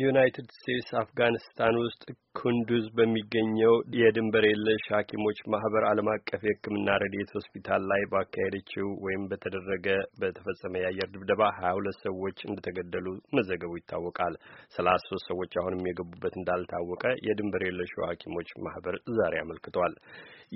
ዩናይትድ ስቴትስ አፍጋኒስታን ውስጥ ኩንዱዝ በሚገኘው የድንበር የለሽ ሐኪሞች ማህበር ዓለም አቀፍ የሕክምና ረድኤት ሆስፒታል ላይ ባካሄደችው ወይም በተደረገ በተፈጸመ የአየር ድብደባ ሀያ ሁለት ሰዎች እንደተገደሉ መዘገቡ ይታወቃል። ሰላሳ ሶስት ሰዎች አሁንም የገቡበት እንዳልታወቀ የድንበር የለሹ ሐኪሞች ማህበር ዛሬ አመልክቷል።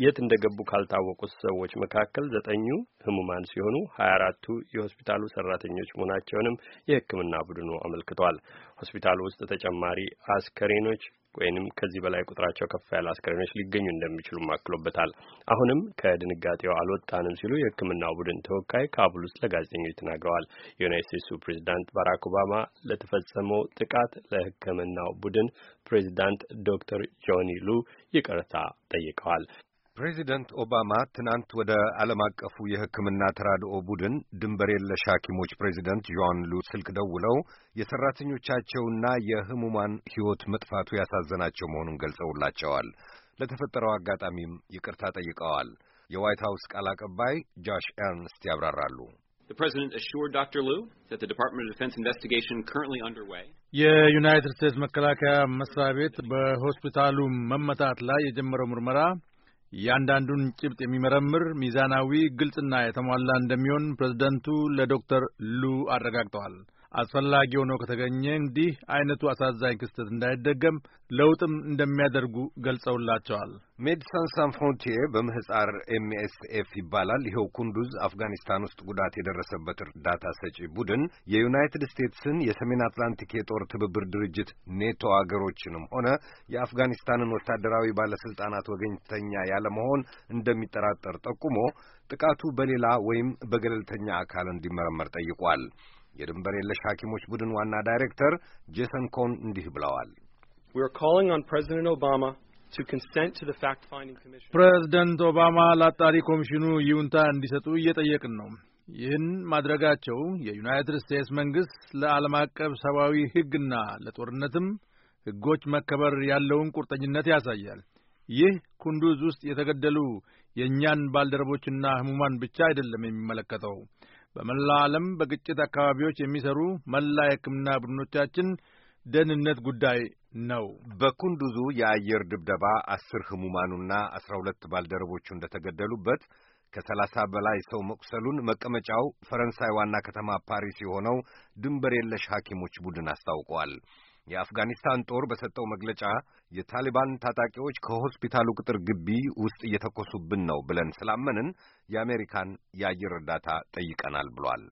የት እንደገቡ ካልታወቁት ሰዎች መካከል ዘጠኙ ህሙማን ሲሆኑ ሀያ አራቱ የሆስፒታሉ ሰራተኞች መሆናቸውንም የሕክምና ቡድኑ አመልክቷል። ሆስፒታሉ ውስጥ ተጨማሪ አስከሬኖች ወይንም ከዚህ በላይ ቁጥራቸው ከፍ ያለ አስከሬኖች ሊገኙ እንደሚችሉ አክሎበታል። አሁንም ከድንጋጤው አልወጣንም ሲሉ የሕክምናው ቡድን ተወካይ ካቡል ውስጥ ለጋዜጠኞች ተናግረዋል። የዩናይት ስቴትሱ ፕሬዚዳንት ባራክ ኦባማ ለተፈጸመው ጥቃት ለሕክምናው ቡድን ፕሬዚዳንት ዶክተር ጆኒ ሉ ይቅርታ ጠይቀዋል። ፕሬዚደንት ኦባማ ትናንት ወደ ዓለም አቀፉ የሕክምና ተራድኦ ቡድን ድንበር የለሽ ሐኪሞች ፕሬዚደንት ዦን ሉ ስልክ ደውለው የሠራተኞቻቸውና የሕሙማን ሕይወት መጥፋቱ ያሳዘናቸው መሆኑን ገልጸውላቸዋል። ለተፈጠረው አጋጣሚም ይቅርታ ጠይቀዋል። የዋይት ሐውስ ቃል አቀባይ ጆሽ ኤርንስት ያብራራሉ። የዩናይትድ ስቴትስ መከላከያ መስሪያ ቤት በሆስፒታሉ መመታት ላይ የጀመረው ምርመራ እያንዳንዱን ጭብጥ የሚመረምር ሚዛናዊ፣ ግልጽና የተሟላ እንደሚሆን ፕሬዝደንቱ ለዶክተር ሉ አረጋግጠዋል። አስፈላጊ ሆኖ ከተገኘ እንዲህ አይነቱ አሳዛኝ ክስተት እንዳይደገም ለውጥም እንደሚያደርጉ ገልጸውላቸዋል። ሜዲሰን ሳን ፍሮንቲር በምህጻር ኤምኤስኤፍ ይባላል። ይኸው ኩንዱዝ አፍጋኒስታን ውስጥ ጉዳት የደረሰበት እርዳታ ሰጪ ቡድን የዩናይትድ ስቴትስን የሰሜን አትላንቲክ የጦር ትብብር ድርጅት ኔቶ አገሮችንም ሆነ የአፍጋኒስታንን ወታደራዊ ባለስልጣናት ወገኝተኛ ያለመሆን እንደሚጠራጠር ጠቁሞ ጥቃቱ በሌላ ወይም በገለልተኛ አካል እንዲመረመር ጠይቋል። የድንበር የለሽ ሐኪሞች ቡድን ዋና ዳይሬክተር ጄሰን ኮን እንዲህ ብለዋል። ፕሬዝደንት ኦባማ ለአጣሪ ኮሚሽኑ ይሁንታ እንዲሰጡ እየጠየቅን ነው። ይህን ማድረጋቸው የዩናይትድ ስቴትስ መንግሥት ለዓለም አቀፍ ሰብአዊ ሕግና ለጦርነትም ሕጎች መከበር ያለውን ቁርጠኝነት ያሳያል። ይህ ኩንዱዝ ውስጥ የተገደሉ የእኛን ባልደረቦችና ሕሙማን ብቻ አይደለም የሚመለከተው በመላ ዓለም በግጭት አካባቢዎች የሚሰሩ መላ የሕክምና ቡድኖቻችን ደህንነት ጉዳይ ነው። በኩንዱዙ የአየር ድብደባ አስር ህሙማኑና አስራ ሁለት ባልደረቦቹ እንደተገደሉበት ከሰላሳ በላይ ሰው መቁሰሉን መቀመጫው ፈረንሳይ ዋና ከተማ ፓሪስ የሆነው ድንበር የለሽ ሐኪሞች ቡድን አስታውቋል። የአፍጋኒስታን ጦር በሰጠው መግለጫ የታሊባን ታጣቂዎች ከሆስፒታሉ ቅጥር ግቢ ውስጥ እየተኮሱብን ነው ብለን ስላመንን የአሜሪካን የአየር እርዳታ ጠይቀናል ብሏል።